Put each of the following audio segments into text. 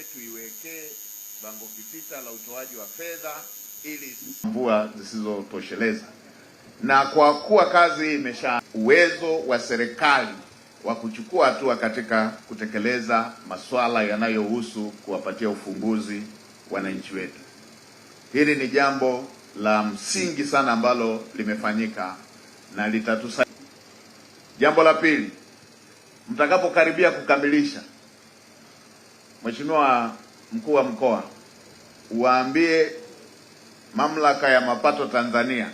wenyewe tuiwekee bango kipita la utoaji wa fedha ili mvua zisizotosheleza. Na kwa kuwa kazi imesha, uwezo wa serikali wa kuchukua hatua katika kutekeleza masuala yanayohusu kuwapatia ufumbuzi wananchi wetu, hili ni jambo la msingi sana ambalo limefanyika na litatusaidia. Jambo la pili, mtakapokaribia kukamilisha Mheshimiwa mkuu wa mkoa, uwaambie mamlaka ya mapato Tanzania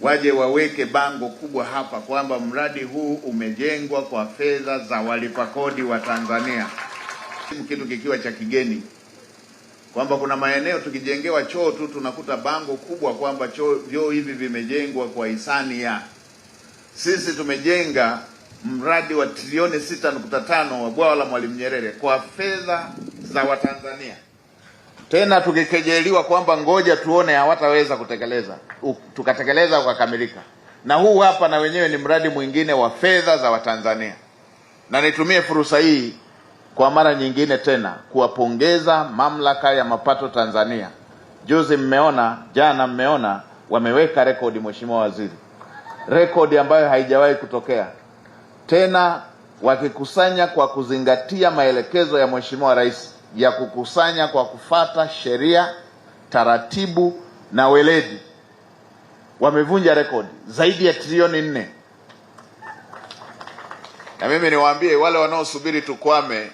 waje waweke bango kubwa hapa kwamba mradi huu umejengwa kwa fedha za walipa kodi wa Tanzania, kitu kikiwa cha kigeni kwamba kuna maeneo tukijengewa choo tu tunakuta bango kubwa kwamba choo vyoo hivi vimejengwa kwa hisani ya. Sisi tumejenga mradi wa trilioni 6.5 wa bwawa la Mwalimu Nyerere kwa fedha za Watanzania, tena tukikejeliwa kwamba ngoja tuone hawataweza kutekeleza, tukatekeleza ukakamilika. Na huu hapa na wenyewe ni mradi mwingine wa fedha za Watanzania, na nitumie fursa hii kwa mara nyingine tena kuwapongeza Mamlaka ya Mapato Tanzania. Juzi mmeona, jana mmeona, wameweka rekodi, Mheshimiwa Waziri, rekodi ambayo haijawahi kutokea tena wakikusanya kwa kuzingatia maelekezo ya Mheshimiwa Rais ya kukusanya kwa kufata sheria, taratibu na weledi, wamevunja rekodi zaidi ya trilioni nne. Na mimi niwaambie wale wanaosubiri tukwame,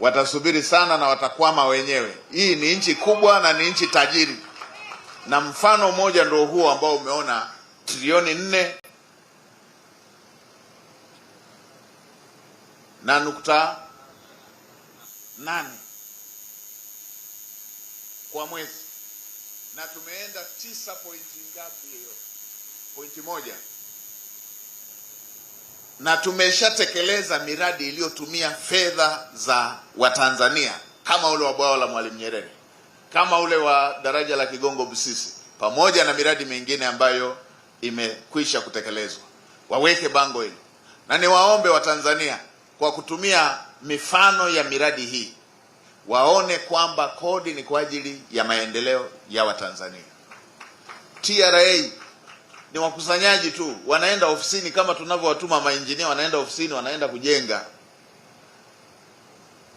watasubiri sana na watakwama wenyewe. Hii ni nchi kubwa na ni nchi tajiri, na mfano mmoja ndio huo ambao umeona trilioni nne. na nukta nane kwa mwezi, na tumeenda tisa pointi ngapi? Hiyo pointi moja, na tumeshatekeleza miradi iliyotumia fedha za Watanzania kama ule wa bwawa la Mwalimu Nyerere, kama ule wa daraja la Kigongo Busisi, pamoja na miradi mingine ambayo imekwisha kutekelezwa. Waweke bango hilo, na niwaombe Watanzania kwa kutumia mifano ya miradi hii waone kwamba kodi ni kwa ajili ya maendeleo ya Watanzania. TRA ni wakusanyaji tu, wanaenda ofisini kama tunavyowatuma mainjinia, wanaenda ofisini, wanaenda kujenga.